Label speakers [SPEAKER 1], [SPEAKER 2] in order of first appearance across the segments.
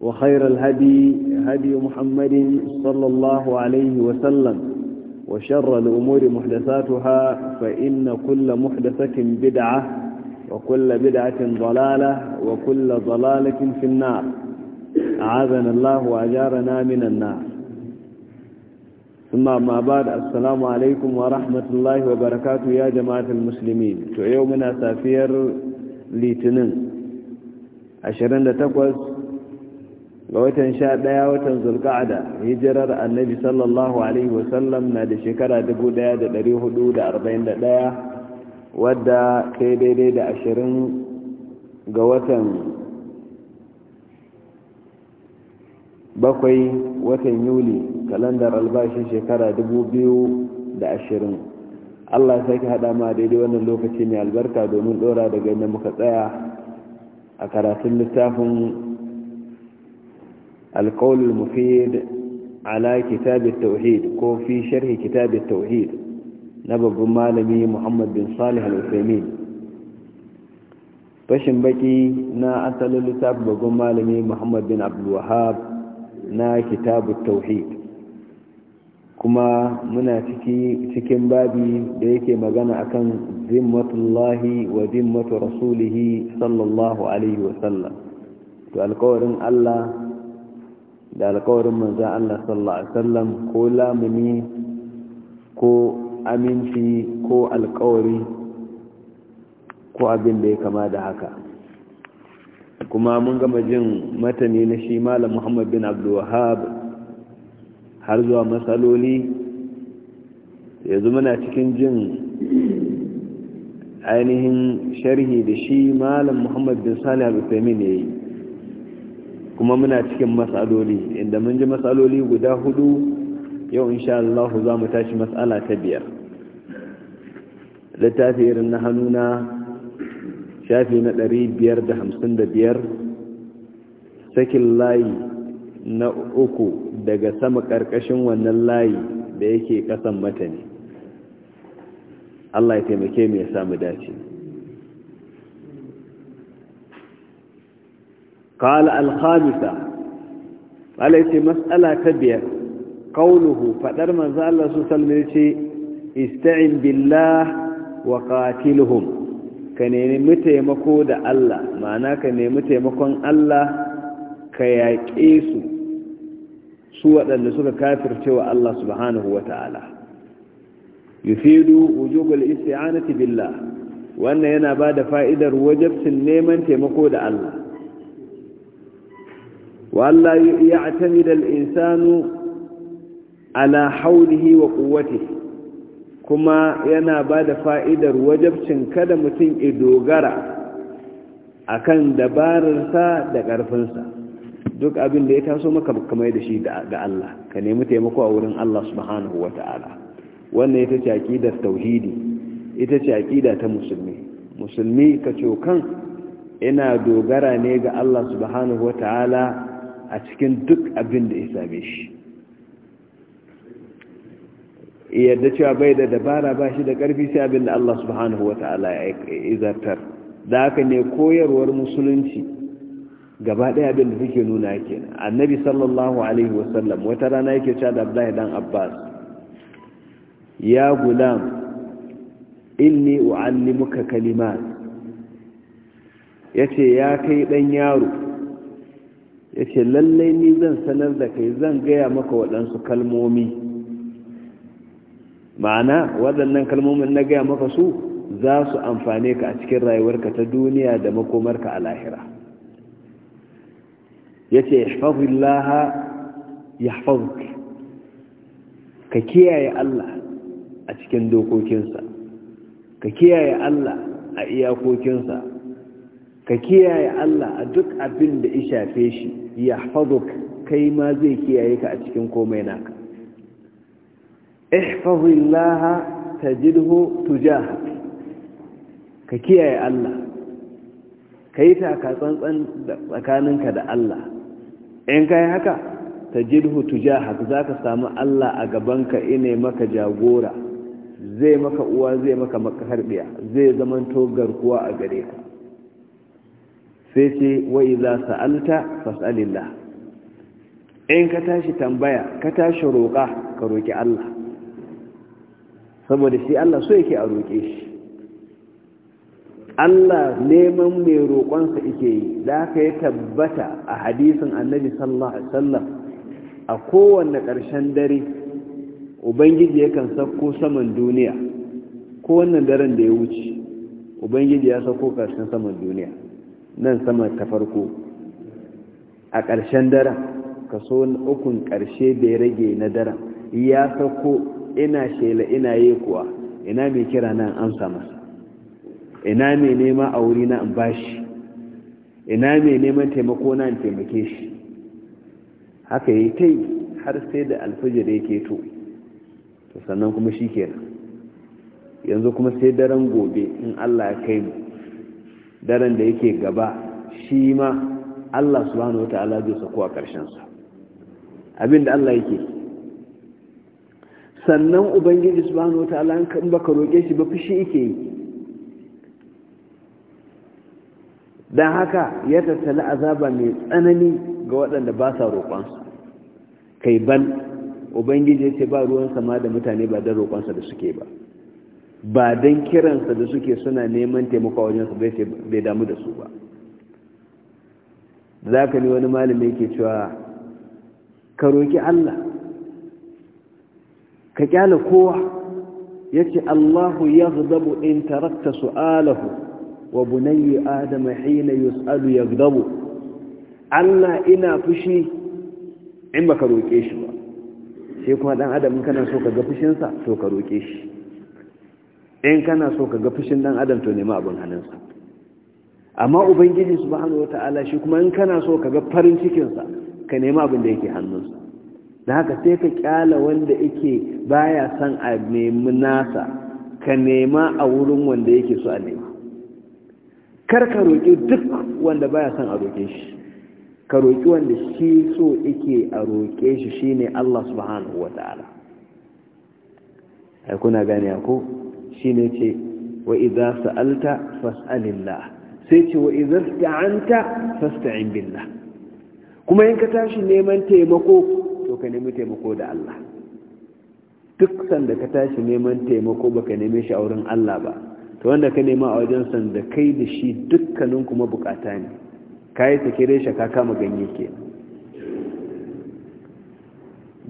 [SPEAKER 1] وخير الهدي هدي محمد صلى الله عليه وسلم وشر الأمور محدثاتها فإن كل محدثة بدعة وكل بدعة ضلالة وكل ضلالة في النار أعاذنا الله وأجارنا من النار ثم ما بعد السلام عليكم ورحمة الله وبركاته يا جماعة المسلمين تعيومنا سافير عشرين لتقوز ga watan sha ɗaya watan zulka'ada hijirar annabi sallallahu alaihi wasallam na da shekara 1441 wadda kai daidai da ashirin ga watan bakwai watan yuli kalandar albashin shekara 2020 allah sake haɗa ma daidai wannan lokaci mai albarka domin ɗora daga inda muka tsaya a karatun littafin القول ala على tauhid ko fi sharhi شرح tauhid na نبب مالمي محمد بن صالح العثيمين fashin baƙi na asalin littafin babban malami muhammad bin abdulwahab na kitabu tauhid kuma muna cikin babi da yake magana akan zimmatullahi wa zimmatu rasulihi sallallahu alaihi wasallam to alkawarin allah da alkawarin manzan Allah sallallahu Alaihi wasallam ko lamuni ko aminci ko alkawari ko abin da ya kama da haka kuma mun gama jin matani na shi malam muhammad bin Wahhab har zuwa matsaloli yanzu muna cikin jin ainihin sharhi da shi malam muhammad bin salih al uthaymeen yayi kuma muna cikin matsaloli inda mun ji matsaloli guda hudu yau insha Allah za mu tashi matsala ta biyar littafi irin na hannuna shafi na ɗari biyar da hamsin da biyar sakin layi na uku daga sama ƙarƙashin wannan layi da yake ƙasan mata ne Allah ya taimake mu ya samu dace qala al-khamisa qala yace mas'ala ta biyar qawluhu faɗar manzo Allah su sallame yace ista'in billah wa ka nemi taimako da Allah ma'ana ka nemi taimakon Allah ka yaƙe su su waɗanda suka kafirce wa Allah subhanahu wa ta'ala yufidu wujubul isti'anati billah wannan yana ba da fa'idar wajabcin neman taimako da Allah وألا يعتمد الإنسان على حوله وقوته كما ينا بعد فائدة وجب شنكد متن إدوغرا akan dabararsa da ƙarfinsa duk abin da ya taso maka kamai da shi ga Allah ka nemi taimako a wurin Allah subhanahu wa ta'ala wannan ita ce aƙidar tauhidi ita ce aƙida ta musulmi musulmi ka cokan ina dogara ne ga Allah subhanahu wa ta'ala a cikin duk abin da ya same shi yadda cewa bai da dabara ba shi da ƙarfi sai abin da Allah subhanahu wa ta'ala ya izartar da haka ne koyarwar musulunci gaba ɗaya abin da suke nuna ke annabi sallallahu alaihi wasallam wata rana yake cewa da abdullahi dan abbas ya gulam inni u'allimuka kalimat yace ya kai dan yaro ya ce lallai ni zan sanar da kai zan gaya maka waɗansu kalmomi ma'ana waɗannan kalmomin na gaya maka su za su amfane ka a cikin rayuwarka ta duniya da makomarka a lahira ya ce ya ya ka kiyaye Allah a cikin dokokinsa ka kiyaye Allah a iyakokinsa ka kiyaye Allah a duk abin da ya shafe shi ya hafazuk kai ma zai kiyaye ka a cikin komai naka ihfazillaha tajidhu tujaha ka kiyaye Allah kai taka tsantsan tsakaninka da Allah in kai haka tajidhu tujaha zaka samu Allah a gabanka ine maka jagora zai maka uwa zai maka makarbiya zai zamanto garkuwa a gare ka sai ce wa iza sa'alta fas'alillah in ka tashi tambaya ka tashi roƙa ka roƙi Allah saboda shi Allah so yake a roƙe shi Allah neman mai roƙonsa ike yi da aka tabbata a hadisin annabi sallallahu alaihi wasallam a kowane ƙarshen dare ubangiji yakan sauko saman duniya ko wannan daren da ya wuce ubangiji ya sauko ƙarshen saman duniya nan sama ta farko a ƙarshen daren kaso ukun ƙarshe da ya rage na daren ya sauko ina shela ina yi kuwa ina mai kira nan amsa masa ina mai nema a wuri na bashi ina mai neman taimako na in taimake shi haka yi kai har sai da alfajir ya keto to sannan kuma shi kenan yanzu kuma sai daren gobe in allah ya kai mu daren da yake gaba shi ma Allah subhanahu wata'ala zai sako a ƙarshensa abin da Allah yake sannan ubangiji subhanahu wata'ala in ka roƙe shi ba fushi yake yi don haka ya tattali azaba mai tsanani ga waɗanda ba sa roƙonsa kai ban ubangiji ya ce ba ruwan sama da mutane ba don roƙonsa da suke ba ba don kiransa da suke suna neman taimako wajensu bai damu da su ba za ka ne wani malami ke cewa ka roƙi Allah ka kyala kowa ya ce Allahu ya zabu in tarakta su'alahu wa bunayi adama hina yus'alu ya zabu Allah ina fushi in ba ka roƙe shi ba sai kuma ɗan adam kana so ka ga fushinsa to ka roƙe shi in kana so ka ga fushin dan adam to nema abin hannunsa amma ubangiji subhanahu wata'ala shi kuma in kana so ka ga farin cikinsa ka nema abin da yake hannunsa da haka sai ka kyala wanda yake baya son a nemi nasa ka nema a wurin wanda yake so a nema kar ka roƙi duk wanda baya son a roƙe shi ka roƙi wanda shi so yake a roƙe shi shine Allah subhanahu wata'ala ai kuna gane ko Shi ne ce wa idza sa'alta fas'alillah sai ce wa idza sta'anta fasta'in billah kuma in ka tashi neman taimako to ka nemi taimako da Allah duk sanda ka tashi neman taimako baka nemi shi a wurin Allah ba to wanda ka nema a wajen sanda kai da shi dukkanin kuma bukata ne kayi take shi ka kama ganye ke.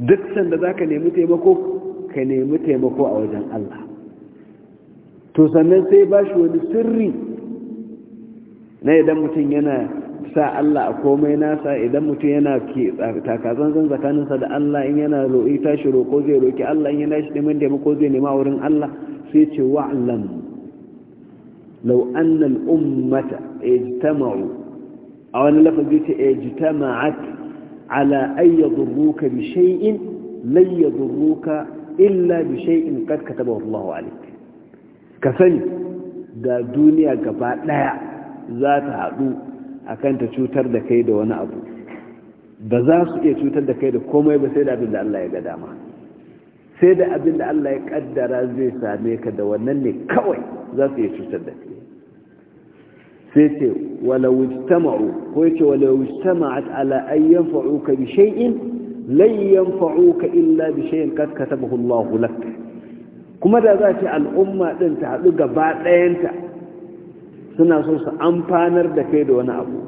[SPEAKER 1] duk sanda za ka nemi taimako ka nemi taimako a wajen Allah to sannan sai ba shi wani sirri na idan mutum yana sa Allah a komai nasa idan mutum yana ke takazanzan tsakaninsa da Allah in yana roƙi tashi roƙo zai roƙi Allah in yana shi neman taimako zai nema wurin Allah sai ce wa'lam law anna al-ummata ijtama'u a wani lafazi ce ijtama'at ala ay yadurruka bi shay'in lan yadurruka illa bi shay'in qad katabahu Allahu alayk ka sani da duniya gaba ɗaya za ta haɗu a kan ta cutar da kai da wani abu ba za su iya cutar da kai da komai ba sai da abin da Allah ya ga dama sai da abin da Allah ya kaddara zai same ka da wannan ne kawai za su iya cutar da kai sai ce walawistama'u ko yace walawistama'at ala an yanfa'uka bi shay'in lan yanfa'uka illa bi shay'in kad katabahu Allah lak kuma da za ce al'umma ɗin ta haɗu gaba ɗayanta suna so su amfanar da kai da wani abu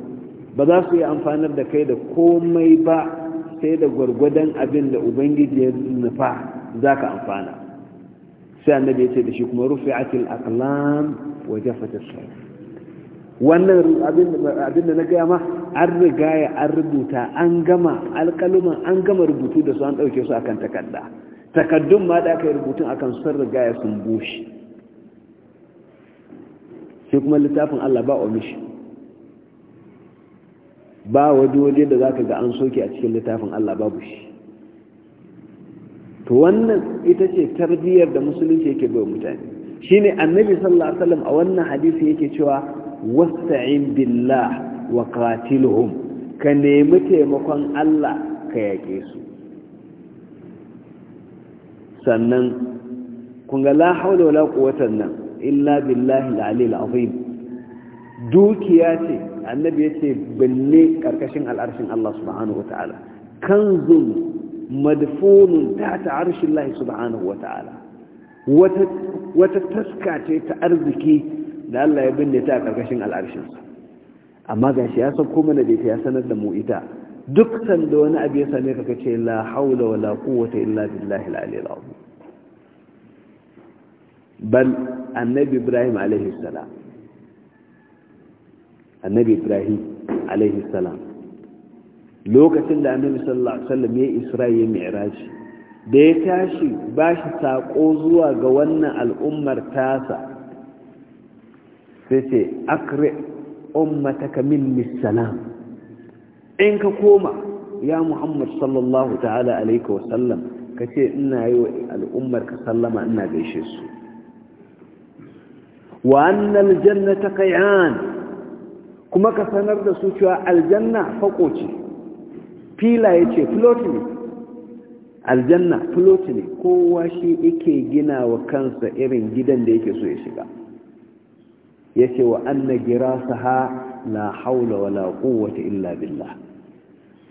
[SPEAKER 1] ba za su yi amfanar da kai da komai ba sai da gwargwadon abin da ubangiji ya nufa za ka amfana sai annabi ya ce da shi kuma rufe atil aklam wa jafata sai wannan abin da na gaya ma an rigaya ya an rubuta an gama alkaluman an gama rubutu da su an ɗauke su a kan takarda takaddun ma da aka yi rubutun akan sun ya sun bushe sai kuma littafin Allah ba omishi ba waje waje da zaka ga an soke a cikin littafin Allah ba bushe. to wannan ita ce tarbiyyar da musulunci yake bai mutane Shi ne annabi sallallahu alaihi wasallam a wannan hadisi yake cewa wasta'in billah wa qatilhum ka nemi taimakon Allah ka yake su sannan kun ga la haula wala quwwata nan illa billahi al aliyyil azim dukiya ce annabi yace binne karkashin al-arshin Allah subhanahu wataala kanzun madfunun ta'ta arshin Allah subhanahu wataala wata wata taska ce ta arziki da Allah ya binne ta karkashin al-arshin amma gashi ya ko mana da ita ya sanar da mu ita duk sanda wani abu ya same ka kace la haula wala quwwata illa billahi al-aliyyil azim bal annabi ibrahim alayhi salam annabi ibrahim alayhi salam lokacin da annabi sallallahu alaihi wasallam ya isra ya mi'raj da ya tashi bashi sako zuwa ga wannan al'ummar tasa sai ce akri ummataka minni salam in ka koma ya muhammad sallallahu ta'ala ka ce ina yi wa al'ummar ka sallama ina gaishe su wa annal jannata qay'an kuma ka sanar da su cewa aljanna fako ce fila yace float aljanna flotini. kowa shi yake gina wa kansa irin gidan da yake so ya shiga yace wa anna girasaha la haula wala quwwata illa billah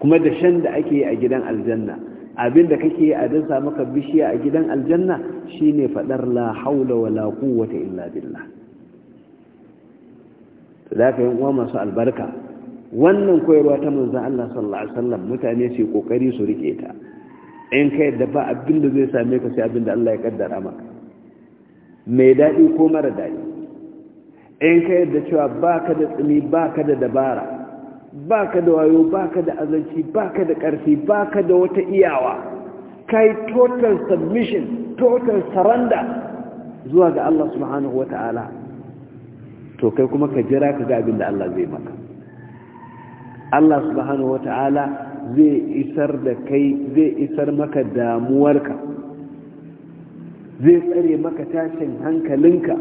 [SPEAKER 1] kuma da shan da ake yi a gidan aljanna abin da kake yi a dasa maka bishiya a gidan aljanna shine faɗar la haula wala quwwata illa billah to da ka yi uwa masu albarka wannan koyarwa ta manzo Allah sallallahu alaihi wasallam mutane su kokari su rike ta in ka yadda ba abin da zai same ka sai abin da Allah ya kaddara maka mai daɗi ko mara daɗi in ka yadda cewa baka da tsimi baka da dabara ba ka da wayo ba ka da azanci ba ka da ƙarfi ba ka da wata iyawa Kai yi total submission total surrender zuwa ga Allah subhanahu wa ta'ala to kai kuma ka jira ka ga abin da Allah zai maka Allah subhanahu wa ta'ala zai isar da kai zai isar maka damuwarka zai tsare maka tashin hankalinka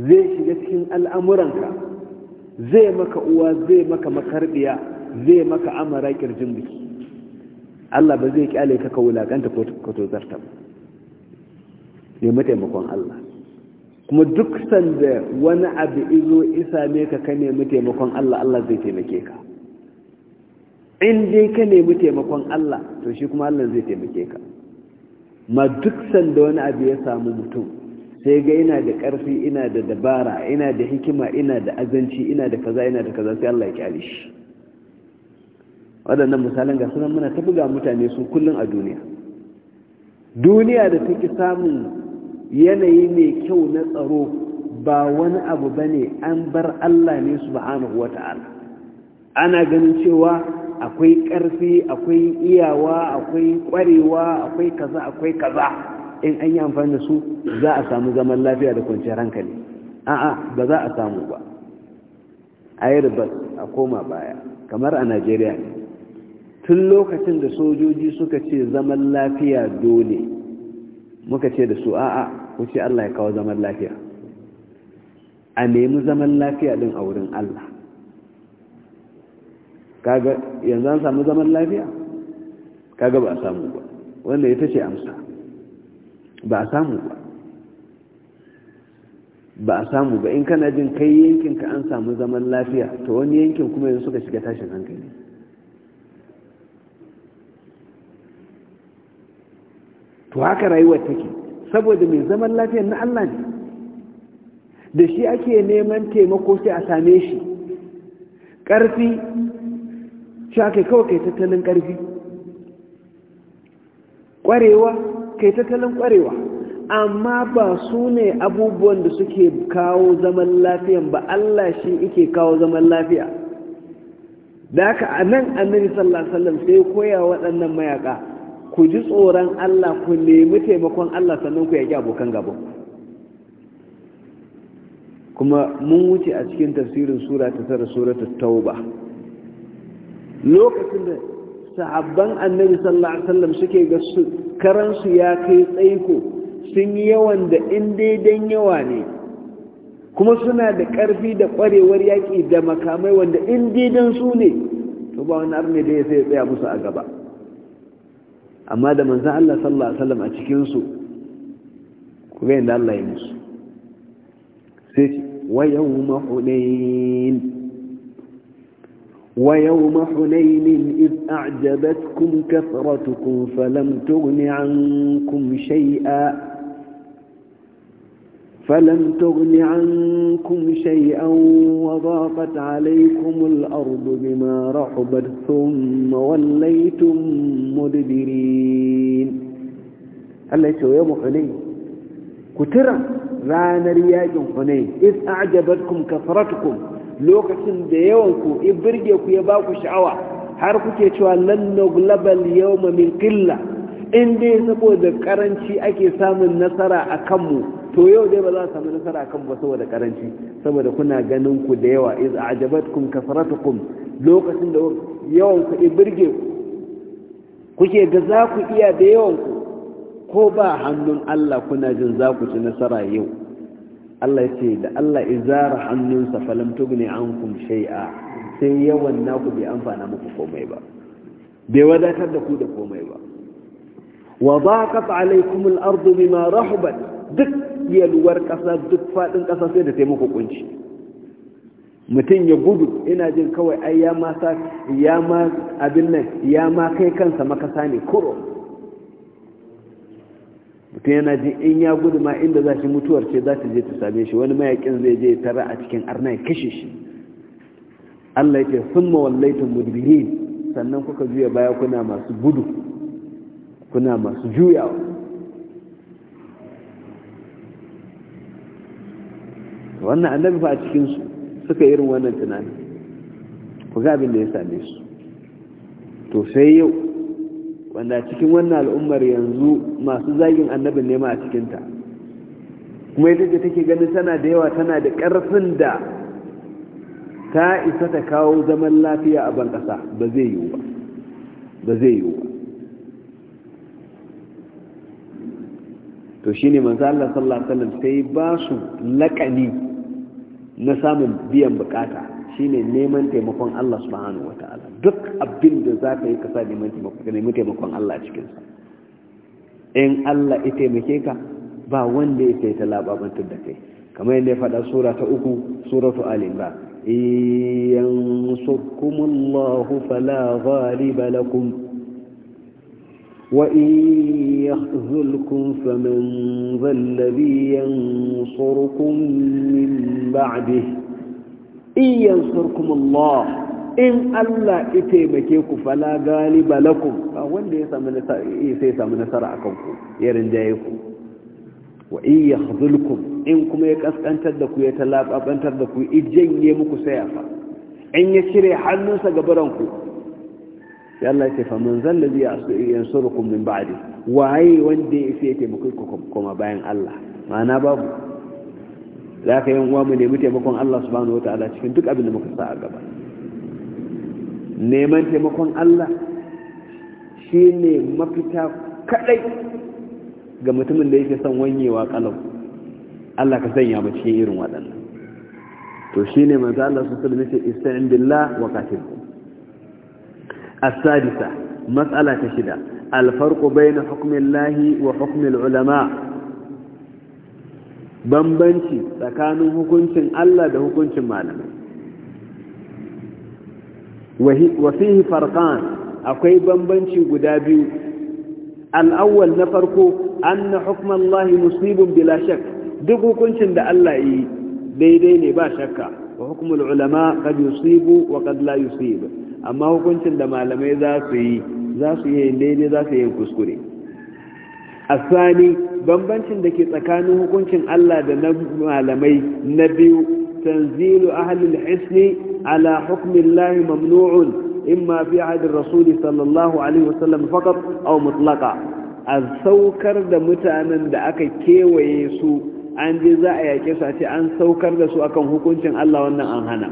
[SPEAKER 1] zai shiga cikin al'amuranka zai maka uwa zai maka makarbiya zai maka amara kirjin biki Allah ba zai kyale ka ka wulakanta ko ka tozarta ba nemi taimakon Allah kuma duk sanda wani abu izo isa ne ka ka nemi taimakon Allah Allah zai taimake ka in dai ka nemi taimakon Allah to shi kuma Allah zai taimake ka ma duk sanda wani abu ya samu mutum sai ga ina da ƙarfi ina da dabara ina da hikima ina da azanci ina da kaza ina da kaza sai Allah ya kyale shi waɗannan misalan ga sunan muna ta buga mutane su kullum a duniya duniya da take samun yanayi mai kyau na tsaro ba wani abu bane an bar Allah ne subhanahu wata'ala ana ganin cewa akwai ƙarfi akwai iyawa akwai ƙwarewa akwai kaza akwai kaza in an yi amfani da su za a samu zaman lafiya da kwanciyar hankali a'a ba za a samu ba a yi ribar a koma baya kamar a najeriya ne tun lokacin da sojoji suka ce zaman lafiya dole muka ce da su a'a wuce allah ya kawo zaman lafiya a nemi zaman lafiya din a wurin allah kaga yanzu an samu zaman lafiya kaga ba a samu ba wanda ita ce amsa ba a samu ba ba a samu ba in kana jin kai yankin ka an samu zaman lafiya to wani yankin kuma yanzu suka shiga tashin hankali to haka rayuwar take saboda mai zaman lafiya na Allah ne da shi ake neman taimako sai a same shi ƙarfi shi ake kawai kai tattalin ƙarfi ƙwarewa kai tattalin kwarewa amma ba su ne abubuwan da suke kawo zaman lafiyan ba Allah shi yake kawo zaman lafiya da haka a nan annabi sallallahu alaihi wasallam sai koya waɗannan mayaka ku ji tsoron Allah ku nemi taimakon Allah sannan ku yaki abokan gaba kuma mun wuce a cikin tafsirin sura ta tara suratul tauba lokacin da sahabban annabi sallallahu alaihi wasallam suke ga karansu ya kai tsaiko sun yi yawan da in daidan yawa ne kuma suna da ƙarfi da ƙwarewar yaƙi da makamai wanda in daidan su ne to ba wani ne da ya sai tsaya musu a gaba amma da manzan Allah sallallahu Alaihi wasallam a cikinsu ku ga inda Allah ya musu sai hunain ويوم حنين إذ أعجبتكم كثرتكم فلم تغن عنكم شيئا فلم تغن عنكم شيئا وضاقت عليكم الأرض بما رحبت ثم وليتم مدبرين الله يسوي يوم حنين كترا رانر ياجم حنين إذ أعجبتكم كثرتكم lokacin da yawan ku ya birge ku ya ba ku sha'awa har kuke cewa lan nuglabal yawma min qilla in dai saboda karanci ake samun nasara a kanmu to yau dai ba za a samu nasara a kanmu ba saboda karanci saboda kuna ganin ku da yawa iz ajabatkum kasratukum lokacin da yawan ku ya birge ku kuke ga za ku iya da yawan ku ko ba hannun Allah kuna jin za ku ci nasara yau Allah ya ce da Allah izara hannunsa falam tugni ankum shay'a sai yawan naku bai amfana muku komai ba bai wadatar da ku da komai ba wa daqat alaykum al-ardu bima rahabat duk yalwar kasa duk fadin kasa sai da sai muku kunci mutum ya gudu ina jin kawai ai ya ma ya ma abin nan ya ma kai kansa makasa ne kuro mutum yana ji in ya gudu ma inda za shi mutuwar ce za ta je ta same shi wani mayakin zai je tara a cikin arna ya kashe shi Allah ya ce sun mawallaitun mudbirin sannan kuka juya baya kuna masu gudu kuna masu juyawa wannan annabi fa a cikinsu suka irin wannan tunani ku ga abin da ya same su to sai yau wanda cikin wannan al'ummar yanzu masu zagin annabin nema a cikinta kuma yadda da take ganin tana da yawa tana da ƙarfin da ta isa ta kawo zaman lafiya a ban ƙasa ba zai yiwu ba ba zai yiwu ba to shine manzo Allah sallallahu alaihi wasallam sai ba su laƙani na samun biyan buƙata. shine neman taimakon Allah subhanahu wataala duk abin da za ka yi ka sa neman taimakon Allah cikin sa in Allah ya taimake ka ba wanda ya ta labarantar da kai kamar yadda ya faɗa sura ta uku suratu al-imran sukumullahu fala ghaliba lakum wa يخذلكم iyan surkumullah in Allah ya taimake ku fala galiba lakum ba wanda ya samu nasara sai ya samu nasara akan ku ya rinjaye ku wa in yakhdhulkum in kuma ya kaskantar da ku ya talabantar da ku ijanye muku fa. in ya cire hannunsa ga baran ku sai Allah sai fa man zal ladhi yansurukum min ba'di waye wanda ya sai ya taimake ku kuma bayan Allah ma'ana babu za ka yan uwa mu nemi taimakon Allah subhanahu wataala cikin duk abin da muka sa a gaba neman taimakon Allah shi ne mafita kadai ga mutumin da yake son wanyewa kalau Allah ka sanya mu cikin irin waɗannan to shi ne manzo Allah su sallame ce ista'in billah wa qatil as-sadisa mas'ala ta shida al-farqu bayna hukmi Allah wa hukmi ulama bambanci tsakanin hukuncin Allah da hukuncin malamai wa fihi farqan akwai bambanci guda biyu al'awwal na farko anna hukman Allah musibun bila shak duk hukuncin da Allah yi daidai ne ba shakka wa hukmul ulama kad yusibu wa kad la yusib amma hukuncin da malamai za su yi za su yi daidai za su yi kuskure asani bambancin da ke tsakanin hukuncin Allah da na malamai na biyu tanzilu ahlul hisni ala hukmillahi mamnu'un imma fi Hadir rasuli sallallahu alaihi wasallam faqat aw mutlaqa a saukar da mutanen da aka kewaye su an je za a yake su a ce an saukar da su akan hukuncin Allah wannan an hana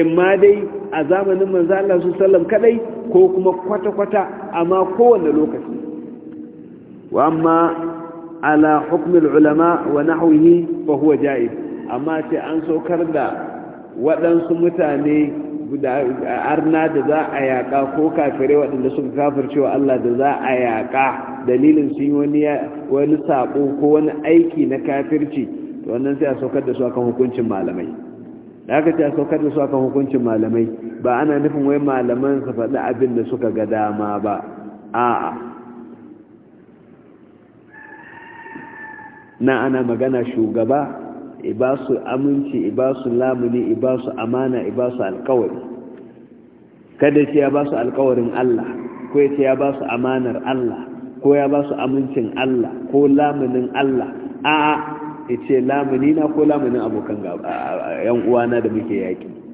[SPEAKER 1] imma dai a zamanin manzo Allah sallallahu alaihi wasallam kadai ko kuma kwata-kwata amma kowane lokaci وأما على حكم العلماء ونحوه فهو جائز أما تأنسو كردا وأنسو متاني arna da za a yaƙa ko kafirai waɗanda suka kafircewa Allah da za a yaƙa dalilin sun wani wani ko wani aiki na kafirci to wannan sai a saukar da su akan hukuncin malamai ba ana nufin wai malaman su faɗi abin da suka ga dama ba a'a na ana magana shugaba ba su aminci ba su lamuni ba su amana ba su alkawari kada ce ya ba su alkawarin Allah ko ya ce ya ba su amanar Allah ko ya ba su amincin Allah ko lamunin Allah a ya ce lamuni ko lamunin abokan yan uwana da muke yaƙi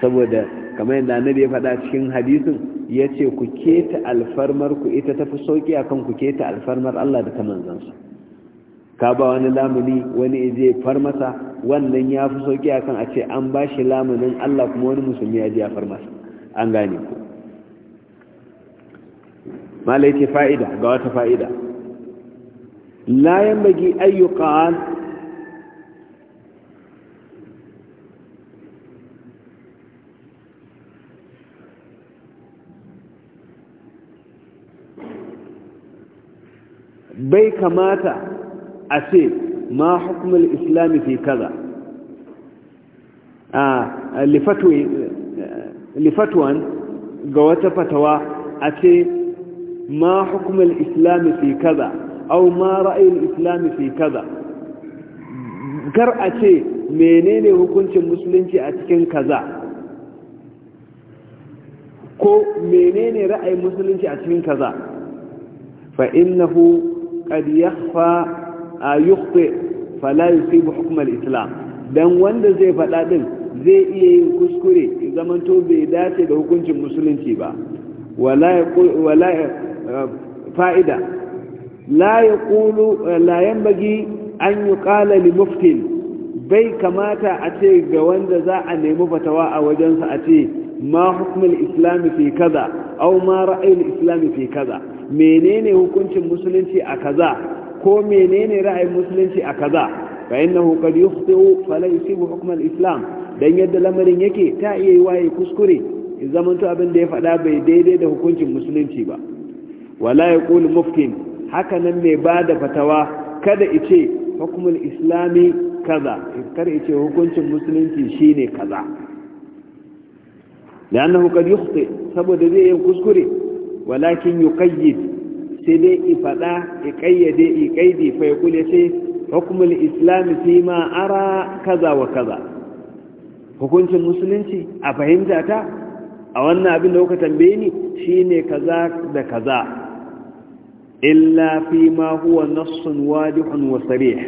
[SPEAKER 1] saboda kamar yadda annabi ya faɗa cikin hadisin ya ce ku keta alfarmar ku ita tafi sauki akan ku keta alfarmar Allah da ta manzansa ka ba wani lamuni wani je farmasa wannan ya fi sauki akan a ce an ba shi lamunin Allah kuma wani musulmi ya je ya farmasa an gane ku malai ce fa'ida ga wata fa'ida la yan bagi ayyukan bai kamata a ce ma hukumar islami fi kaza a lifatuwan ga wata fatawa a ce ma hukumar islami fi kaza au ma ra'ayin islami fi kaza kar a ce menene hukuncin musulunci a cikin kaza ko menene ra'ayin musulunci a cikin kaza fa innahu قد يخفى يخطئ فلا يصيب حكم الإسلام dan wanda zai faɗa ɗin zai iya yin kuskure zamanto bai dace da hukuncin musulunci ba fa'ida la ya ƙulu eh, layan baki an yi ƙala limuftin bai kamata a ce ga wanda za a nemi fatawa a wajensa a ce ma hukumar islami fi kaza au ma ra'ayin islami fi kaza menene hukuncin musulunci a kaza ko menene ra'ayin musulunci a kaza fa innahu qad yukhti'u la yusibu hukm al-islam dan yadda lamarin yake ta iya yi waye kuskure in to abin da ya faɗa bai daidai da hukuncin musulunci ba wala yaqul muftin haka nan mai bada fatawa kada ice hukumul islami kaza kada ice hukuncin musulunci shine kaza qad قد Saboda zai yi kuskure walakin yuqayyid sai dai faɗa i kayyade ikaidi kaidi fa yaqul sai hukmul islam fi ma ara kaza wa kaza hukuncin musulunci a fahimta ta a wannan abin da kuka tambaye ni shine kaza da kaza illa fi ma huwa nassun wadihun wa sarih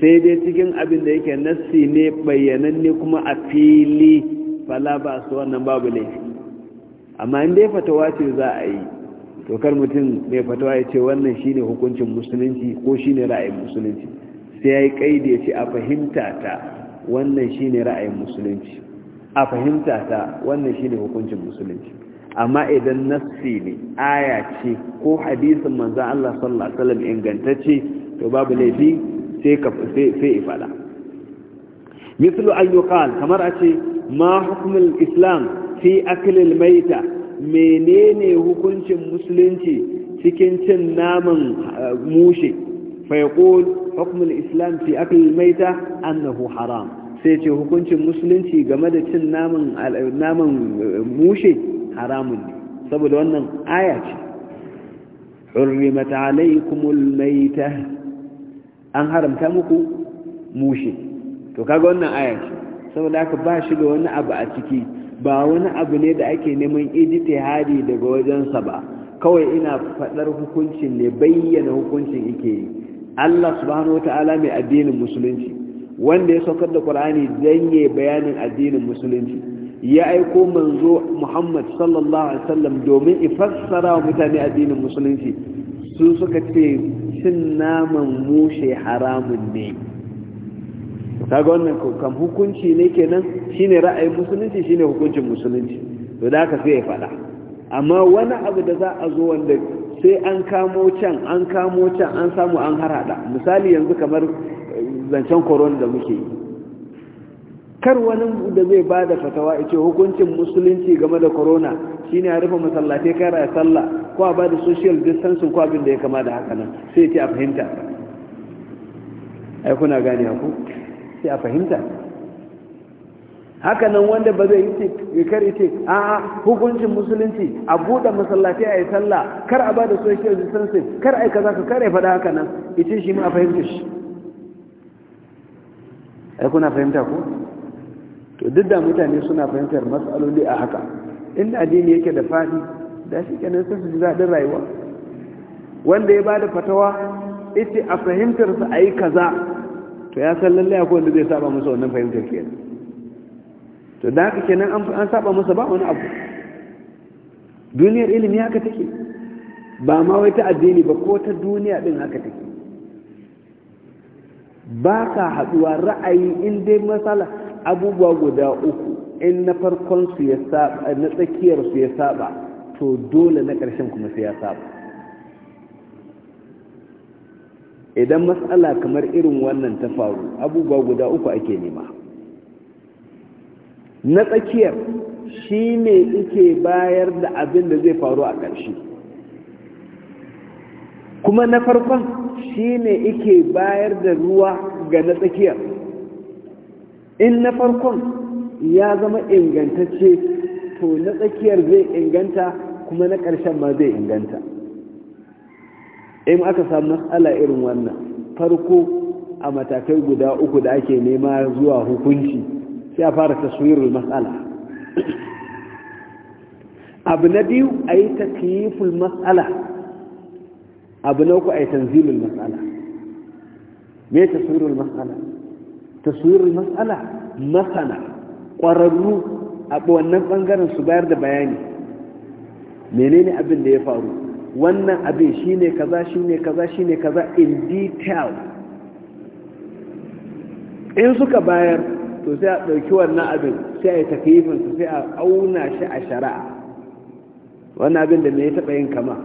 [SPEAKER 1] sai dai cikin abin da yake nassi ne bayyananne kuma a fili fala ba su wannan babu laifi amma in dai fatawa ce za a yi to kar mutum mai fatawa ya ce wannan shine hukuncin musulunci ko shine ra'ayin musulunci sai ya yi kaidi ya ce a fahimta ta wannan shine ra'ayin musulunci a fahimta ta wannan shine hukuncin musulunci amma idan nassi ne aya ce ko hadisin manzo Allah sallallahu alaihi wasallam ingantacce to babu laifi sai ka sai ya fada mithlu yuqal kamar a ce ma hukmul islam fi aklil maita menene hukuncin musulunci cikin cin naman eh, mushe fa ko hukmul islam fi aklil maita annahu haram sai ce hukuncin musulunci game da cin naman naman eh, mushe haramun ne saboda wannan aya ce hurrimat alaykumul maita an haramta muku mushe to kaga wannan aya ce saboda haka ba shi da wani abu a ciki ba wani abu ne da ake neman ijtihadi daga wajensa ba kawai ina faɗar hukuncin ne bayyana hukuncin yake yi Allah subhanahu wataala mai addinin musulunci wanda ya saukar da Qur'ani dan yayi bayanin addinin musulunci ya aiko manzo Muhammad sallallahu alaihi wasallam domin ifassara wa mutane addinin musulunci su suka ce cin naman mushe haramun ne kaga wannan kam hukunci ne kenan shine ra'ayin musulunci shine hukuncin musulunci to da haka sai ya faɗa amma wani abu da za a zo wanda sai an kamo can an kamo can an samu an harada misali yanzu kamar eh, zancen korona da muke yi kar wani da zai ba da fatawa ce hukuncin musulunci game da korona shine a rufe masallatai kara ya sallah ko a ba da social distancing ko abin da ya kama da haka nan sai ya ce a fahimta ai kuna gane ku sai a fahimta haka nan wanda ba zai yi kar ce a hukuncin musulunci a buɗe masallaci a yi sallah kar a ba da social distancing kar a yi kaza kar a faɗa haka nan ita shi ma a fahimta shi ai kuna fahimta ko to duk da mutane suna fahimtar matsaloli a haka inda addini yake da faɗi da shi kenan sai su ji daɗin rayuwa wanda ya ba da fatawa ita a fahimtarsa a yi kaza to ya san lallai akwai wanda zai saba masa wannan fahimtar kenan to da haka kenan an saba masa ba wani abu duniyar ilimi haka take ba ma wai ta addini ba ko ta duniya din haka take ba ka haɗuwa ra'ayi in dai masala. abubuwa guda uku in na farkon su ya saba na tsakiyar su ya saba to dole na ƙarshen kuma sai ya saba idan matsala kamar irin wannan ta faru abubuwa guda uku ake nema na tsakiyar shi ne ike bayar da abin da zai faru a ƙarshe kuma na farkon shi ne ike bayar da ruwa ga na tsakiyar in na farkon ya zama ingantacce to na tsakiyar zai inganta kuma na ƙarshen ma zai inganta in aka samu matsala irin wannan farko a matakai guda uku da ake nema zuwa hukunci sai a fara taswirul matsala abu na biyu a yi takyiful matsala abu na uku a yi tanzilul matsala me taswirul matsala taswirul matsala masana ƙwararru a wannan ɓangaren su bayar da bayani menene abin da ya faru wannan abin shine kaza shine kaza kaza in detail in suka bayar to sai a ɗauki wannan abin sai a yi tafifinsu sai a auna shi a shari'a wannan abin da mai taɓa yin kama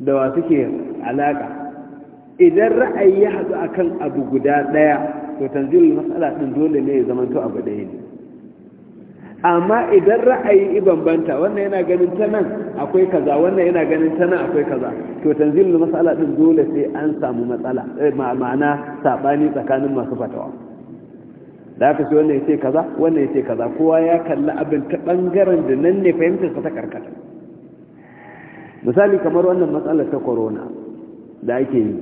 [SPEAKER 1] da wa suke alaƙa idan ra'ayi ya haɗu a kan abu guda ɗaya to tanzilin matsala ɗin dole ne ya zamanto abu ɗaya ne amma idan ra'ayi i bambanta wannan yana ganin ta nan akwai kaza wannan yana ganin ta nan akwai kaza to tanzilul mas'ala din dole sai an samu matsala eh, ma'ana sabani tsakanin masu fatawa da aka ce wannan yace kaza wannan yace kaza kowa ya kalli abin ta bangaren da nan ne fahimtar sa ta karkata misali kamar wannan matsalar ta corona da ake yi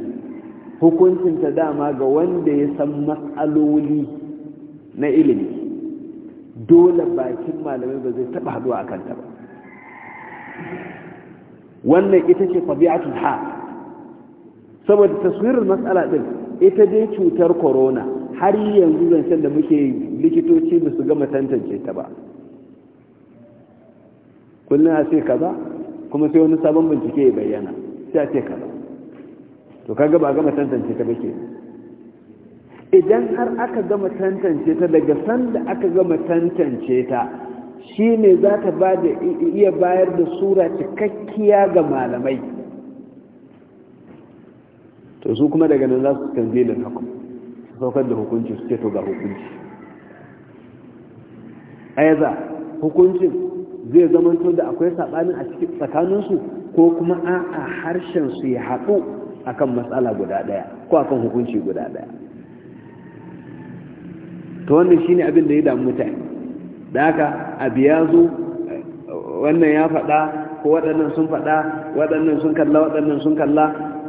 [SPEAKER 1] hukuncin ta dama ga wanda ya san matsaloli na ilimi dole bakin malamai ba zai taba haduwa a kanta ba wannan ita ce fabi'atul ha saboda taswirar matsala din ita dai cutar corona har yanzu zancen da muke likitoci ba su gama tantance ta ba kullum a ce ba kuma sai wani sabon bincike ya bayyana sai a ce ba to kaga ba gama tantance ta ba ke idan har aka gama tantance ta daga sanda aka gama tantance ta shi ne za ta iya bayar da sura cikakkiya ga malamai to su kuma daga nan za su canje da hukum su saukar da hukunci su ce to ga hukunci aiza hukuncin zai zamanto da akwai saɓanin a cikin tsakaninsu ko kuma a'a harshen su ya haɗu akan matsala guda ɗaya ko akan hukunci guda ɗaya to wannan shine abin da ya damu mutane da haka abu ya zo wannan ya faɗa ko waɗannan sun faɗa waɗannan sun kalla waɗannan sun kalla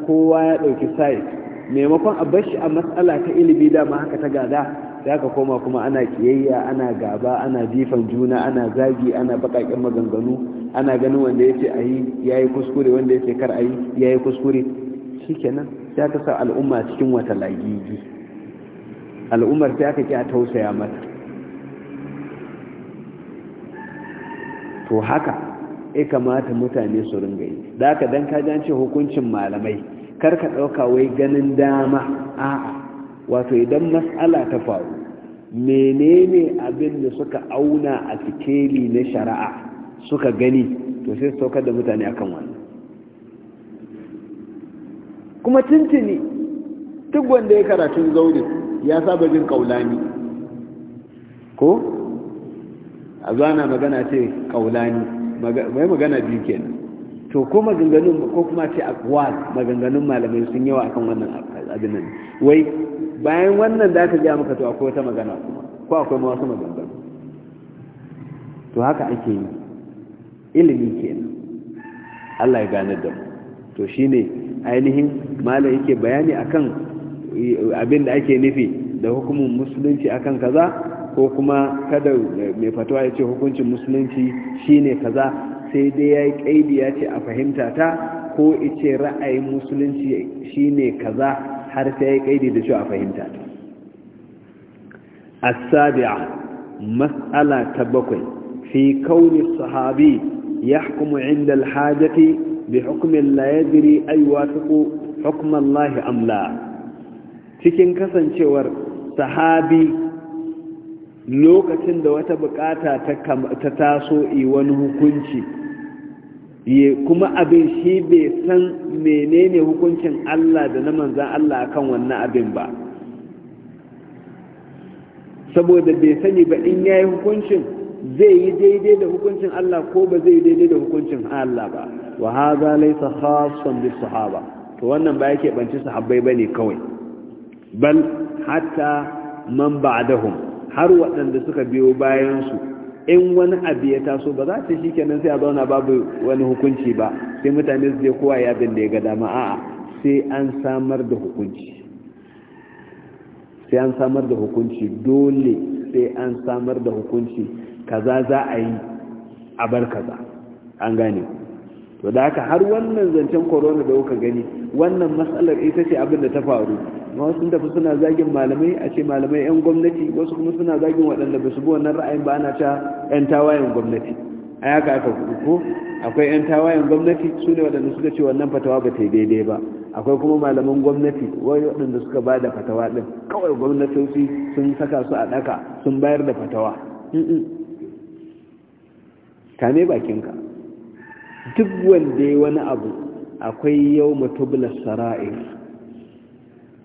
[SPEAKER 1] kowa ya ɗauki sai maimakon a bashi a matsala ta ilimi dama haka ta gada za ka koma kuma ana kiyayya ana gaba ana jifan juna ana zagi ana baƙaƙen maganganu ana ganin wanda ya ce a yi ya yi kuskure wanda ya ce kar a yi ya yi kuskure shi kenan ya ka sa al'umma cikin wata lagigi al'ummar sai aka a tausaya mata to haka ya kamata mutane su ringa yi da aka don kajan ce hukuncin malamai kar ka ɗauka wai ganin dama a'a wato idan matsala ta faru menene abin da suka auna a cikeli na shari'a suka gani to sai su saukar da mutane akan wannan kuma tuntuni duk wanda ya karatun zaune ya saba jin kaulani ko a zana magana ce kaulani mai magana biyu kenan to ko maganganun ko kuma ce akwal maganganun malamai sun yawa akan wannan abinan wai bayan wannan da aka jami to akwai wata magana kuma ko akwai masu maganganu to haka ake yi ilimi kenan Allah ya ganar da mu to shine ainihin malam yake bayani akan abin da ake nufi da hukumin musulunci akan kaza ko kuma kada mai fatawa ya ce hukuncin musulunci shine kaza sai dai ya yi kaidi ya ce a fahimta ta ko ice ra'ayin musulunci shine kaza har sai ya yi kaidi da shi a fahimta ta masala ta sahabi ya كون inda يحكم bi الحاجة بحكم لا يدري أي واثق ku hukumar lahi amla. cikin kasancewar sahabi lokacin da wata bukata ta taso yi wani hukunci kuma abin shi bai san menene hukuncin Allah da na manzan Allah kan wannan abin ba saboda bai sani ba in ya yi hukuncin zai yi daidai da hukuncin Allah ko ba zai yi daidai da hukuncin Allah ba wa haza laysa sahaba to wannan ba yake banci sahabbai ne kawai bal hatta man ba'dahum har waɗanda suka biyo bayan su in wani abu ya taso ba za ta shi kenan sai a zauna babu wani hukunci ba sai mutane su je kowa ya bin da ya gada ma a'a sai an samar da hukunci sai an samar da hukunci dole sai an samar da hukunci kaza za a yi a bar kaza an gane to da haka har wannan zancen corona da kuka gani wannan matsalar ita ce abin da ta faru wasu sun tafi suna zagin malamai a ce malamai 'yan gwamnati wasu kuma suna zagin waɗanda ba su bi wannan ra'ayin ba ana ta 'yan tawayen gwamnati a yaka aka ko akwai 'yan tawayen gwamnati su ne waɗanda suka ce wannan fatawa ba ta daidai ba akwai kuma malaman gwamnati waɗanda suka ba da fatawa ɗin kawai gwamnatoci sun saka su a ɗaka sun bayar da fatawa kame bakinka duk wanda ya wani abu akwai yau matubula sara'ir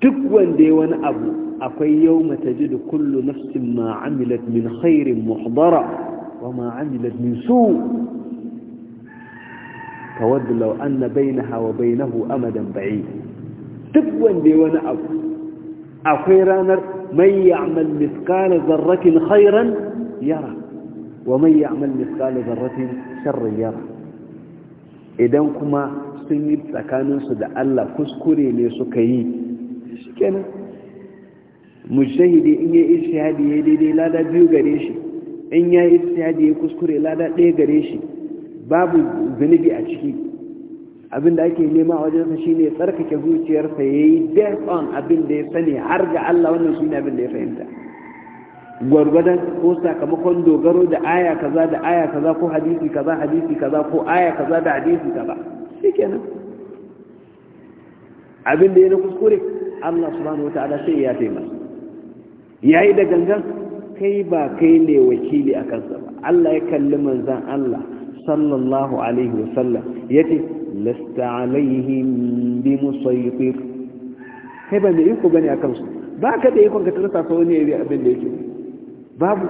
[SPEAKER 1] duk wanda ya wani abu akwai yau mata ji da kullu nafsin ma'amilat min khairin muhdara wa ma'amilat min su tawadda lau anna bainaha wa bainahu amadan ba'i duk wanda ya wani abu akwai ranar man ya'mal mithqala dharratin khairan yara wa man ya'mal mithqala dharratin sharran yara idan kuma sun yi tsakaninsu da Allah kuskure ne suka yi kenan mujtahidi in ya ijtihadi ya daidai lada biyu gare shi in ya ijtihadi ya kuskure lada ɗaya gare shi babu zunubi a ciki abinda ake nema a wajensa ne tsarkake zuciyarsa yayi yi on abin da ya sani har ga Allah wannan ne abin da ya fahimta gwargwadon ko sakamakon dogaro da aya kaza da aya kaza ko hadisi kaza hadisi kaza ko aya kaza da hadisi kaza shikenan abin da ya na kuskure Allah subhanahu ta'ala sai ya taimaka. yayi da gangan kai ba kai ne wakili a kansa ba Allah ya kalli manzan Allah sallallahu alaihi wa sallam yace lasta alaihim bi musaytir kai ba ne iko gani a kansu ba ka da ikon ka tarasa sa wani yayi abin da yake babu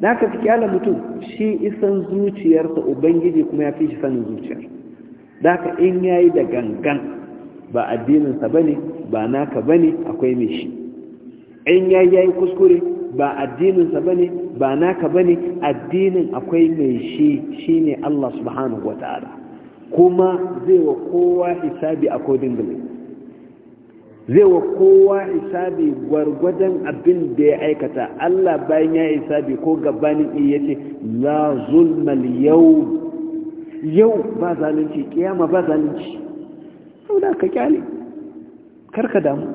[SPEAKER 1] da ka kyala mutum shi isan zuciyarsa ubangiji kuma ya fi shi sanin zuciyar da ka in yayi da gangan ba addininsa ba ne ba naka bane akwai mai shi in ya yi kuskure ba addininsa bane ba naka bane addinin akwai mai shi shine Allah subhanahu wataala kuma zai wa kowa hisabi according to zai wa kowa hisabi gwargwadon abin da ya aikata Allah bayan ya hisabi ko gabanin iya ce la zulmal yau yau ba zalunci kiyama ba zalunci sau da ka kyale karka damu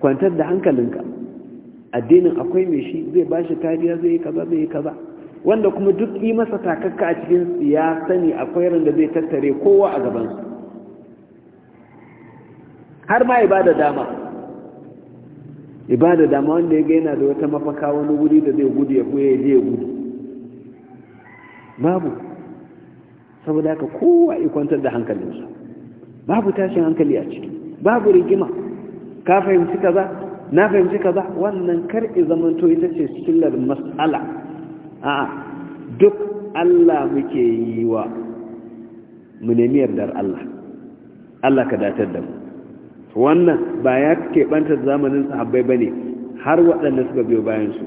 [SPEAKER 1] kwantar da hankalinka addinin akwai mai shi zai ba shi kariya zai yi kaza zai yi kaza wanda kuma duk yi masa takakka a cikin ya sani akwai ran da zai tattare kowa a gabansu har ma ibada dama ibada dama wanda ya gaina da wata mafaka wani wuri da zai gudu ya kuya ya gudu babu saboda haka kowa ikwantar da hankalinsa babu tashin hankali a ciki babu rigima ka fahimci kaza na fahimci kaza wannan karɓi zamanto ita ce sillar mas'ala a duk Allah muke yi wa mu nemi yardar Allah Allah ka datar da mu wannan ba ya keɓantar zamanin sahabbai bane har waɗanda suka biyo fa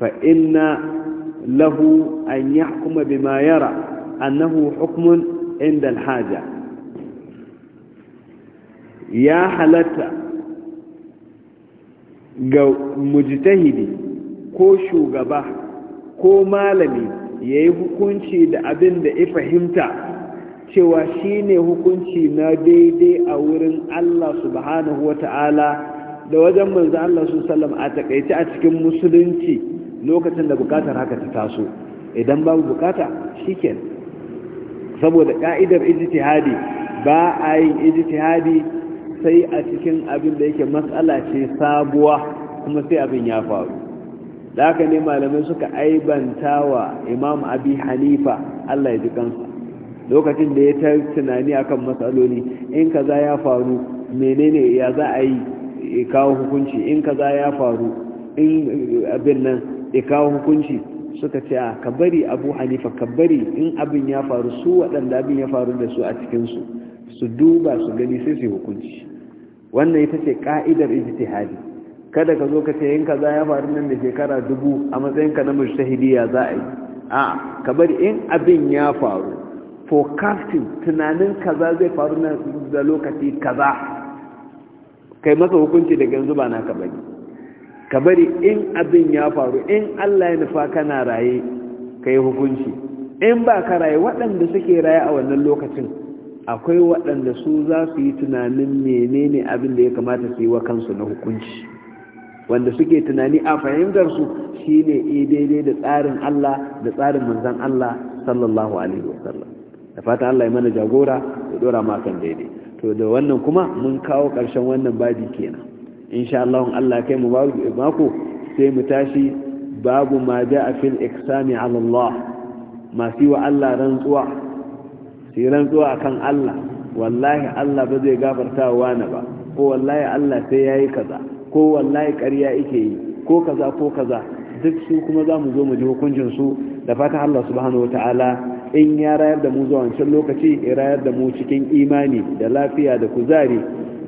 [SPEAKER 1] fa'inna lahu an yahkuma kuma bima yara annahu hukmun inda alhaja ya halatta ga mujtahidi ko shugaba ko malami ya yi hukunci da abin da ya fahimta cewa shine hukunci na daidai a wurin Allah subhanahu wa ta'ala da wajen manzo Allah su sallam a takaice a cikin musulunci lokacin da bukatar haka ta taso idan babu bukata shiken saboda ka'idar ijtihadi ba a yin ijtihadi sai a cikin abin da yake matsala ce sabuwa kuma sai abin ya faru da haka ne malamai suka aibanta wa imam abi hanifa allah ya ji kansa lokacin da ya ta tunani akan matsaloli in kaza ya faru menene ya za a yi kawo hukunci in kaza ya faru in abin nan ya kawo hukunci suka ce a kabari abu hanifa kabari in abin ya faru su waɗanda abin ya faru da su a cikinsu su duba su gani sai su hukunci wannan ita ce ka'idar ijtihadi kada ka zo ka ce in kaza ya faru nan da shekara dubu a matsayin ka na mujtahidi ya za a yi a ka bari in abin ya faru forecasting tunanin kaza zai faru nan da lokaci kaza kai masa hukunci daga yanzu ba ka bari. ka bari in abin ya faru in Allah ya nufa kana raye kai hukunci in ba ka raye waɗanda suke raye a wannan lokacin akwai waɗanda su za su yi tunanin menene abin da ya kamata su yi wa kansu na hukunci wanda suke tunani a fahimtarsu shi ne eh, daidai da tsarin Allah da tsarin manzan Allah sallallahu alaihi wasallam da fata Allah ya mana jagora ya dora kan daidai to da wannan kuma mun kawo ƙarshen wannan babi kenan insha Allah Allah kai mu mako sai mu tashi babu ma ja'a fil iksami ala Allah masu wa Allah rantsuwa su yi akan Allah wallahi Allah ba zai gafarta wa wani ba ko wallahi Allah sai yayi kaza ko wallahi ƙarya yake yi ko kaza ko kaza duk su kuma za mu zo mu ji hukuncin su da fatan Allah subhanahu wata'ala in ya rayar da mu zuwa wancan lokaci ya rayar da mu cikin imani da lafiya da kuzari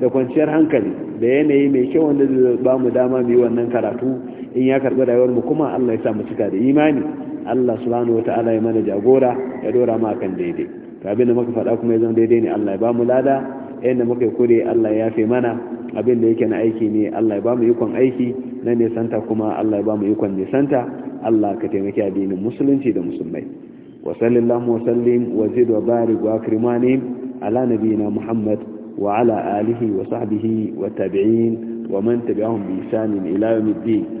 [SPEAKER 1] da kwanciyar hankali da yanayi mai kyau wanda zai ba mu dama mu yi wannan karatu in ya karɓi rayuwar mu kuma Allah ya sa mu cika da imani Allah subhanahu wata'ala ya mana jagora ya dora mu akan daidai to abin da muka faɗa kuma ya zama daidai ne Allah ya ba mu lada yayin muka yi kure Allah ya fi mana abin da yake na aiki ne Allah ya ba mu ikon aiki na nisanta kuma Allah ya ba mu ikon nisanta Allah ka taimaki addinin musulunci da musulmai wa sallallahu wa sallim wa zid wa barik wa akrimani ala nabiyina Muhammad wa ala alihi wa sahbihi wa tabi'in wa man tabi'ahum bi ihsan ila yawmiddin